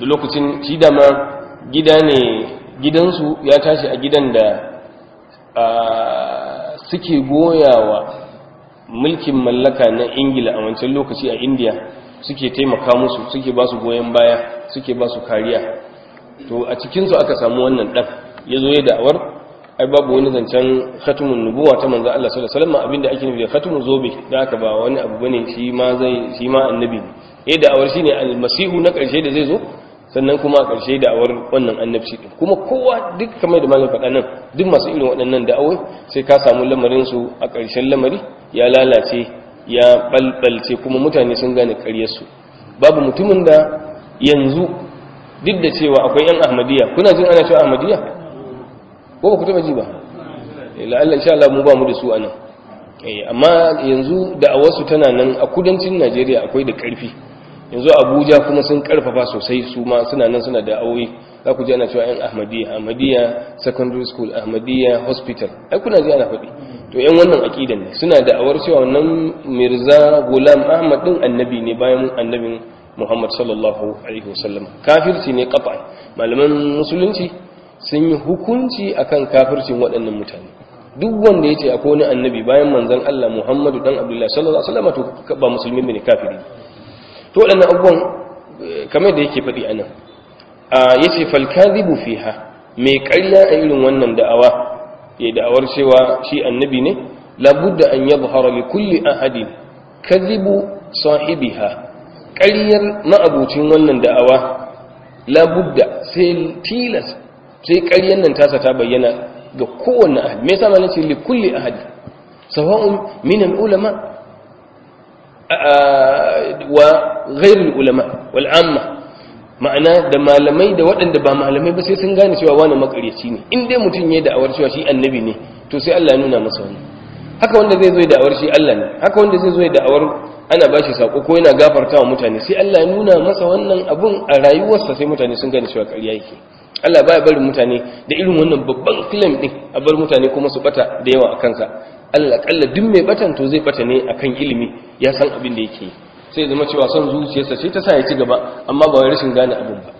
da lokacin shi ma. gida ne gidansu ya tashi a gidan da suke goyawa mulkin mallaka na ingila a wancan lokaci a indiya suke taimaka musu suke ba su goyon baya suke ba su kariya to a cikinsu aka samu wannan ɗan ya zo ya da'awar ai babu wani zancen khatumun nubuwa ta manzo Allah sallallahu alaihi wasallam abinda ake nufi da khatumun zobe da aka ba wani abu bane shi ma zai shi ma annabi ne eh da'awar shine almasihu na ƙarshe da zai zo sannan kuma a ƙarshe da'awar wannan annabci din kuma kowa duk kamar da malam faɗa nan duk masu irin waɗannan da'awai sai ka samu lamarin su a ƙarshen lamari ya lalace ya ɓalɓalce, kuma mutane sun gane ƙaryarsu babu mutumin da yanzu duk da cewa akwai yan ahmadiyya kuna jin ana cewa ahmadiyya ko ba ku taɓa ji ba eh, la'alla insha Allah mu ba mu da su anan eh, amma yanzu da'awar tana nan a kudancin Najeriya akwai da ƙarfi yanzu abuja kuma sun karfafa sosai su ma suna nan suna da aure za ku ji ana cewa yan ahmadiyya ahmadiyya secondary school ahmadiyya hospital ai kuna ji ana faɗi to yan wannan aqidan ne suna da awar cewa wannan mirza gulam ahmad din annabi ne bayan annabin muhammad sallallahu alaihi wasallam kafirci ne kafa malaman musulunci sun yi hukunci akan kafircin waɗannan mutane duk wanda ya ce akwai wani annabi bayan manzon Allah Muhammadu dan abdullahi sallallahu alaihi wasallam to ba musulmi ne kafiri to waɗannan abubuwan eh, kamar da yake faɗi a anan ya ce falkazibu fiha mai ƙarya a irin wannan da'awa ya da'awar cewa shi annabi ne labudda an yadhhara li kulli ahadin kadhibu sahibiha ƙaryar ma'abucin wannan da'awa labudda sai tilas sai ƙaryar nan tasa ta bayyana ga kowanne ahad me yasa ma nace li kulli sawa'un minan ulama wa ghairul ulama wal amma ma'ana da malamai da waɗanda ba malamai ba sai sun gane cewa wani makaryaci ne in dai mutum ya da'awar cewa shi annabi ne to sai Allah nuna masa wani haka wanda zai zo da'awar shi Allah ne haka wanda zai zo da'awar ana ba shi sako ko yana gafarta wa mutane sai Allah ya nuna masa wannan abun a rayuwarsa sai mutane sun gane cewa ƙarya yake Allah baya barin mutane da irin wannan babban claim din a bar mutane kuma su bata da yawa a kansa Allah duk mai batan to zai bata ne akan ilimi ya san abin da yake sai zama cewa son zuciyarsa sai ta sa ya ci gaba amma ba wani rashin gane abin ba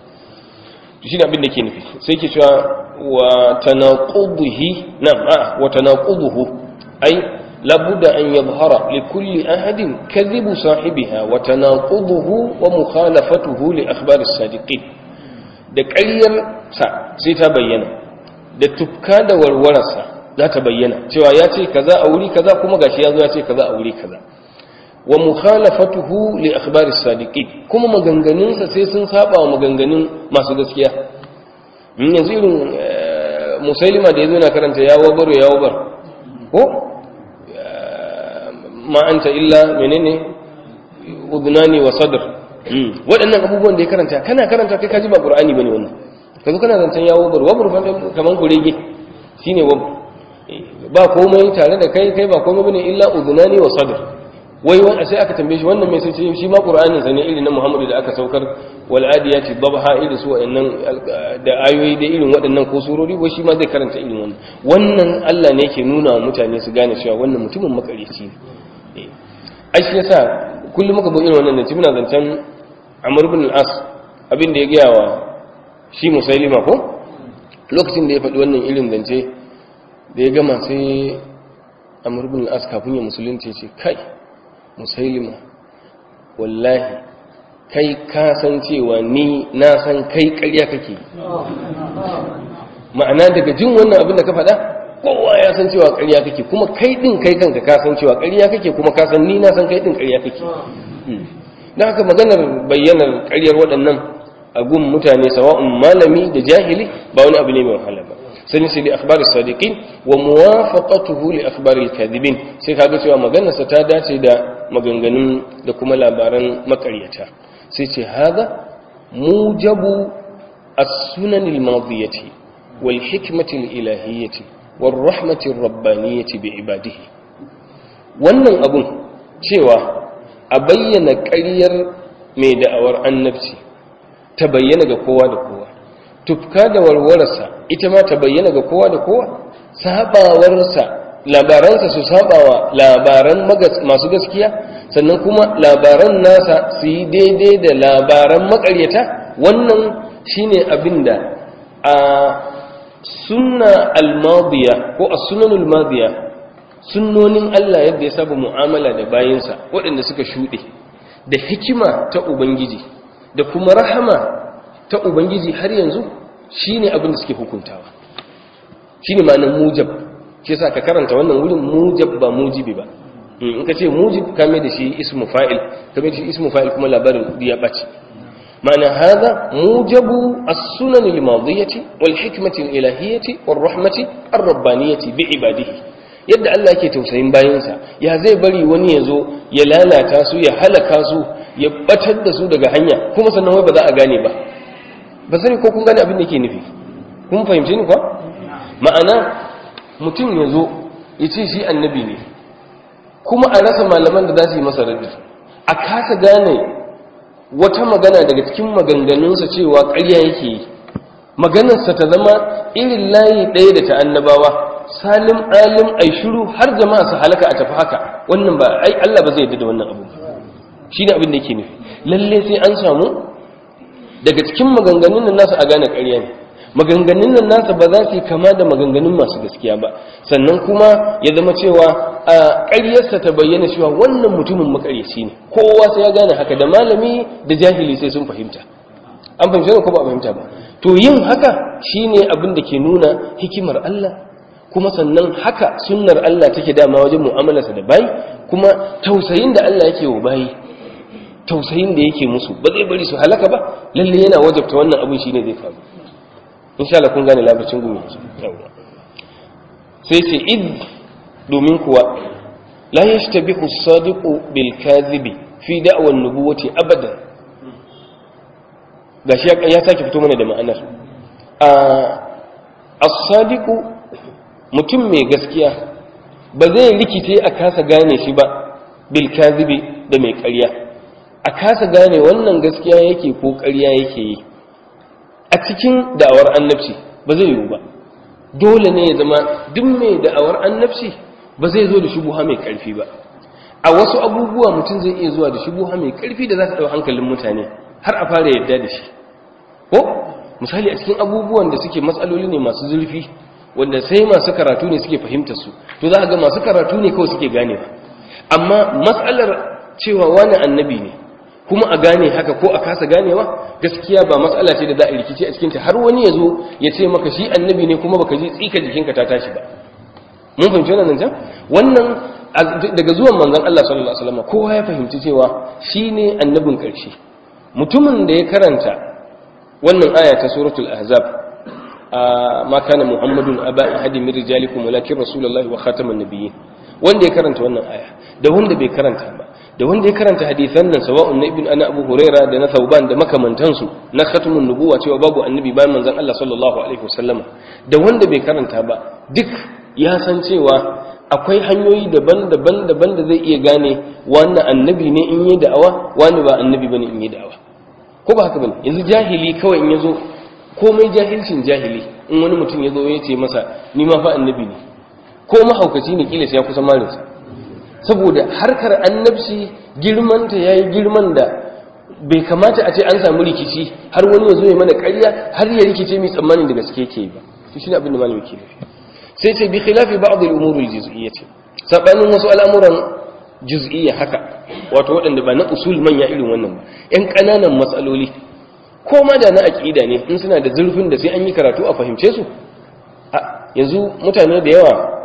to ne abin da ke nufi sai ke cewa wa tanaqubuhi na'am a wa tanaqubuhu ai labuda an yadhhara li kulli ahadin kadhibu sahibiha wa tanaqubuhu wa mukhalafatuhu li akhbar as-sadiqin da ƙaryar sa sai ta bayyana da tufka da warwararsa za ta bayyana cewa ya ce kaza a wuri kaza kuma gashi ya zo ya ce kaza a wuri kaza wa mukhalafatuhu li akhbari sadiqin kuma maganganunsa sai sun saba wa maganganun masu gaskiya yanzu irin eh, musailima da yazo na karanta ya wabar ya wabar ko eh, ma anta illa menene udnani wa sadr hmm. waɗannan abubuwan da ya karanta kana karanta kai ka ji ba qur'ani bane wannan kazo kana zancan ya wabar wabar kaman gurege shine wabar ba komai tare da kai kai ba komai bane illa udunani wa sadr wai wanda sai aka tambaye shi wannan mai sai shi ma qur'anin sa ne irin na Muhammadu da aka saukar wal adiyati dabha irin su wayannan da ayoyi da irin waɗannan ko surori wai shi ma zai karanta irin wannan wannan Allah ne yake nuna wa mutane su gane cewa wannan mutumin makarici ne eh, ai shi yasa kullum muka bo irin wannan ne muna zancen Amr ibn al-As abin da ya gaya wa shi Musailima ko lokacin da ya faɗi wannan irin zance da ya gama sai amurbin as kafin ya musulunci ce kai musulima wallahi kai ka san cewa ni na san kai karya kake ma'ana daga jin wannan abin da ka faɗa kowa ya san cewa karya kake kuma kai ɗin kai kanka ka san cewa karya kake kuma ka san ni na san kai ɗin karya kake hmm. don haka maganar bayyanar karyar waɗannan a gun mutane sawa'un malami da jahili ba wani abu ne mai wahala ba sanisi li akhbari sadiqin wa muwafaqatuhu li akhbari kadhibin sai kaga cewa maganarsa ta dace da maganganun da kuma labaran makaryata sai ce haza mujabu as-sunan al-madiyati wal hikmati al-ilahiyati war rahmati ar-rabbaniyati bi ibadihi wannan abun cewa a bayyana ƙaryar mai da'awar annabci ta bayyana ga kowa da kowa tufka da walwararsa ita ma ta bayyana ga kowa da kowa sabawarsa labaransa su sabawa labaran masu gaskiya sannan kuma labaran nasa su yi daidai da labaran makaryata wannan shine abinda a sunna almadiya ko a sunan madiya sunnonin Allah yadda ya saba mu'amala da bayinsa waɗanda suka shuɗe da hikima ta ubangiji da kuma rahama ta ubangiji har yanzu ne abin da suke hukuntawa ne ma'anar mujab shi sa ka karanta wannan wurin mujab ba mujibi ba hmm, in ka ce mujib ka mai da shi ismu fa'il ka mai da shi ismu fa'il kuma labarin ya bace معنى hikmati موجب السنن الماضية rahmati الإلهية والرحمة الربانية ibadihi. yadda Allah yake tausayin bayansa ya zai bari wani ya zo ya lalata su ya halaka su ya batar da su daga hanya kuma sannan wai ba za a gane ba ba zai ko kun gane abin da yake nufi kun fahimci ni kuwa ma'ana mutum ya zo ya ce shi annabi ne kuma a rasa malaman da za su yi masa rabi a kasa gane wata magana daga cikin maganganunsa cewa ƙarya yake yi maganarsa ta zama irin layi ɗaya da ta annabawa salim alim ai shiru har jama'a su halaka a tafi haka wannan ba ai Allah ba zai yarda da wannan abu Shi ne abin da yake nufi lalle sai an samu daga cikin maganganun nan nasu a gane ƙarya ne maganganun nan nasa ba za su yi kama da maganganun masu gaskiya ba sannan kuma ya zama cewa a ƙaryarsa ta bayyana cewa wannan mutumin makaryaci ne kowa sai ya gane haka da malami da jahili sai sun fahimta an fahimta ko ba a fahimta ba to yin haka shine abin da ke nuna hikimar Allah kuma sannan haka sunnar Allah take dama wajen mu'amalarsa da bai kuma tausayin da Allah yake wa bayi tausayin da yake musu ba zai bari su halaka ba lalle yana wajabta wannan abin shi ne zai faru insha Allah kun gane labarcin gumi sai ce id domin kuwa la yashtabihu bi sadiqu bil kadhibi fi da'wan nubuwati abada gashi ya sake fito mana da ma'anar as-sadiqu mutum mai gaskiya ba zai rikice a kasa gane shi ba bil kadhibi da mai ƙarya a kasa gane wannan gaskiya yake ko ƙarya yake yi a cikin da'awar annabci ba zai yiwu ba dole ne ya zama duk mai da'awar annabci ba zai zo da shubuha mai ƙarfi ba a wasu abubuwa mutum zai iya zuwa da shubuha mai ƙarfi da za ta ɗau hankalin mutane har a fara yadda da shi ko misali a cikin abubuwan da suke matsaloli ne masu zurfi wanda sai masu karatu ne suke fahimtar su to za a ga masu karatu ne kawai suke ganewa amma matsalar cewa wani annabi ne kuma a gane haka ko a kasa ganewa gaskiya ba matsala ce da za a rikici a cikinta har wani ya zo ya ce maka shi annabi ne kuma baka ji tsika jikinka ta tashi ba mun fahimci wannan nan wannan daga zuwan manzon Allah sallallahu alaihi wasallam kowa ya fahimci cewa shine annabin karshe mutumin da ya karanta wannan aya ta suratul ahzab ma kana muhammadun aba ahadin min rijalikum walakin rasulullahi wa khatamun nabiyyin wanda ya karanta wannan aya da wanda bai karanta ba da wanda ya karanta hadisan nan sawa'un na ibn ana abu huraira da na sauban da makamantansu na khatmun nubuwa cewa babu annabi bayan manzon Allah sallallahu alaihi wasallama da wanda bai karanta ba duk ya san cewa akwai hanyoyi daban-daban daban da zai iya gane wannan annabi ne in yi da'awa wani ba annabi bane in yi da'awa ko ba haka bane yanzu jahili kawai in yazo komai jahilcin jahili in wani mutum yazo ya ce masa ni ma fa annabi ne ko mahaukaci ne kila sai ya kusa malinsa? saboda harkar annabci girmanta ya yi girman da bai kamata a ce an samu rikici har wani ya zo ya mana karya har ya rikice mai tsammanin da gaske ke ba to shi ne abin da malami ke nufi sai ce bi khilafi ba'd al-umur al-juz'iyya ce sabanin wasu al'amuran juz'iyya haka wato waɗanda ba na usul manya irin wannan ba Yan ƙananan matsaloli ko ma da na aqida ne in suna da zurfin da sai an yi karatu a fahimce su yanzu mutane da yawa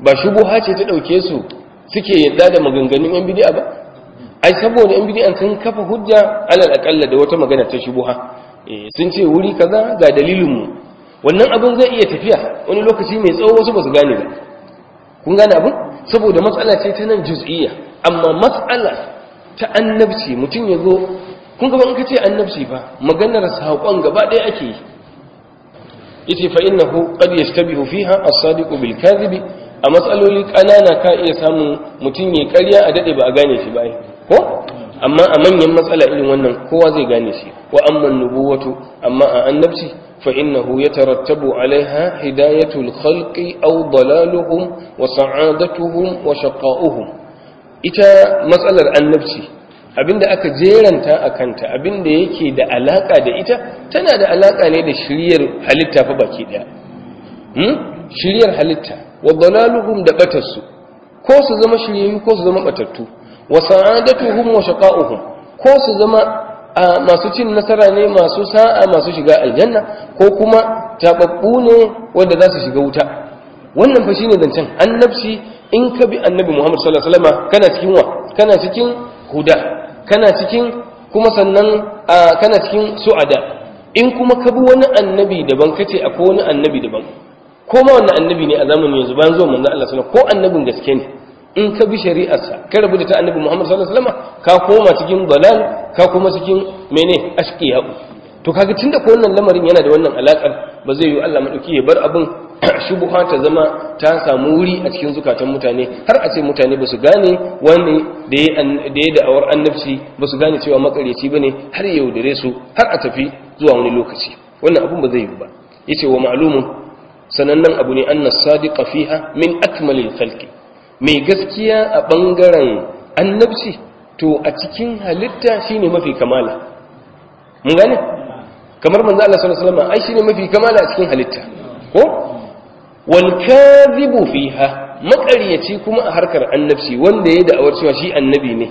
ba shubuha ce ta ɗauke su suke yadda da maganganun yan bidi'a ba ai saboda yan bidi'an sun kafa hujja alal aƙalla da wata magana ta shubuha eh, sun ce wuri kaza ga dalilin mu wannan abun zai iya tafiya wani lokaci mai tsawo wasu ba su gane ba kun gane abin saboda matsala ce ta nan juz'iyya amma matsala ta annabci mutum ya zo kun gaba in ka ce annabci ba? maganar saƙon gaba ɗaya ake yi yace fa innahu qad yashtabihu fiha as-sadiqu bil kadhibi a matsaloli ƙanana ka iya samun mutum ya karya a dade ba a gane shi ba ko amma a manyan matsala irin wannan kowa zai gane shi wa amman nubuwatu amma a annabci fa innahu yatarattabu alaiha hidayatul khalqi aw dalaluhum wa sa'adatuhum wa shaqa'uhum ita matsalar annabci abinda aka jeranta a kanta abinda yake da alaka da ita tana da alaka ne da shiryar halitta fa baki daya hmm? shiryar halitta wa dalaluhum da batarsu ko su zama shiryayyu ko su zama batattu wa sa'adatuhum wa shaqa'uhum ko su zama masu cin nasara ne masu sa'a masu shiga aljanna ko kuma tababbu ne wanda za su shiga wuta wannan fa shine zancen annabci in ka bi annabi Muhammad sallallahu alaihi wasallam kana cikin wa kana cikin huda kana cikin kuma sannan kana cikin su'ada in kuma ka bi wani annabi daban kace akwai wani annabi daban ko ma wannan annabi ne a zamanin yanzu bayan zuwa manzon Allah sallallahu ko annabin gaske ne in ka bi shari'arsa ka rabu ta annabi Muhammad sallallahu alaihi wasallam ka koma cikin dalal ka koma cikin mene ashqiya to kaga tunda ko wannan lamarin yana da wannan alakar ba zai yi Allah madauki ya bar abin shubuha ta zama ta samu wuri a cikin zukatan mutane har a ce mutane ba su gane wani da ya da'awar annabci ba su gane cewa makaryaci ba ne har yaudare su har a tafi zuwa wani lokaci wannan abun ba zai yi ba ya ce wa ma'lumun sanannen abu ne anna sadiqa fiha min akmalil khalqi mai gaskiya a bangaren annabci to a cikin halitta ne mafi kamala mun gane kamar manzo Allah sallallahu alaihi wasallam ai shine mafi kamala a cikin halitta ko wal kadhibu fiha maƙaryaci kuma a harkar annabci wanda ya da'awar cewa shi annabi ne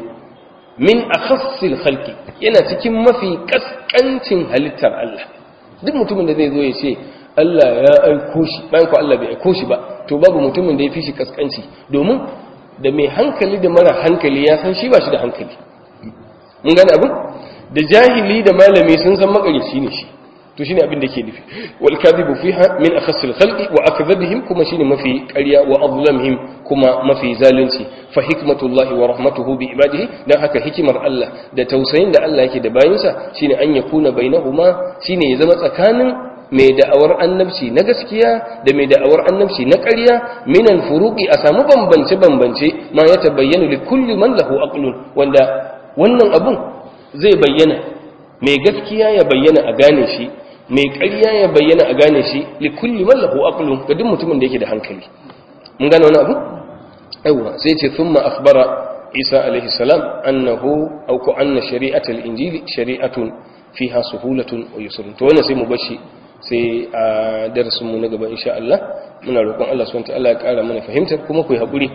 min akhassil khalqi yana cikin mafi kaskancin halittar Allah duk mutumin da zai zo ya ce Allah ya aiko shi bayan Allah bai aiko shi ba to babu mutumin da ya fi shi kaskanci domin da mai hankali da mara hankali ya san shi ba shi da hankali mun gane abin da jahili da malami sun san makarici ne shi to shine abin da ke nufi wal kadhibu fiha min akhassil khalqi wa akdhabihim kuma shine mafi ƙarya wa azlamhim kuma mafi zalunci fa hikmatullahi wa rahmatuhu bi ibadihi dan haka hikimar Allah da tausayin da Allah yake da bayinsa shine an yakuna bainahuma shine ya zama tsakanin mai da'awar annabci na gaskiya da mai da'awar annabci na ƙarya minan furuqi a samu bambance bambance ma ya tabayyana li kulli man lahu aqlun wanda wannan abun zai bayyana mai gaskiya ya bayyana a gane shi mai ƙarya ya bayyana a gane shi li kulli man lahu aqlun ga duk mutumin da yake da hankali mun gane wani abu aiwa sai ce thumma akhbara isa alaihi salam annahu aw ku anna shari'atul injili shari'atun fiha suhulatun wa yusrun to wannan sai mu bashi sai a darasinmu na gaba insha Allah muna roƙon Allah subhanahu wataala ya ƙara mana fahimtar kuma ku yi haƙuri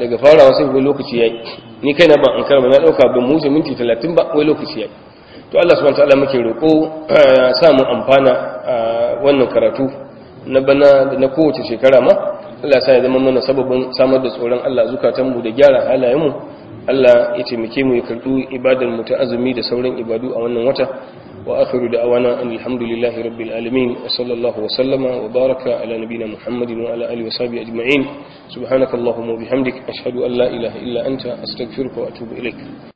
daga farawa sai wai lokaci yayi ni kaina ban an karba na dauka ban mu minti 30 ba wai lokaci yayi to Allah subhanahu wataala muke roƙo sa mu amfana wannan karatu na bana na kowace shekara ma Allah sa ya zama mana sababin samar da tsoron Allah zukatan mu da gyara halayen mu Allah ya taimake mu ya karɓi ibadar mu ta azumi da sauran ibadu a wannan wata وآخر دعوانا أن الحمد لله رب العالمين وصلى الله وسلم وبارك على نبينا محمد وعلى آله وصحبه أجمعين سبحانك اللهم وبحمدك أشهد أن لا إله إلا أنت أستغفرك وأتوب إليك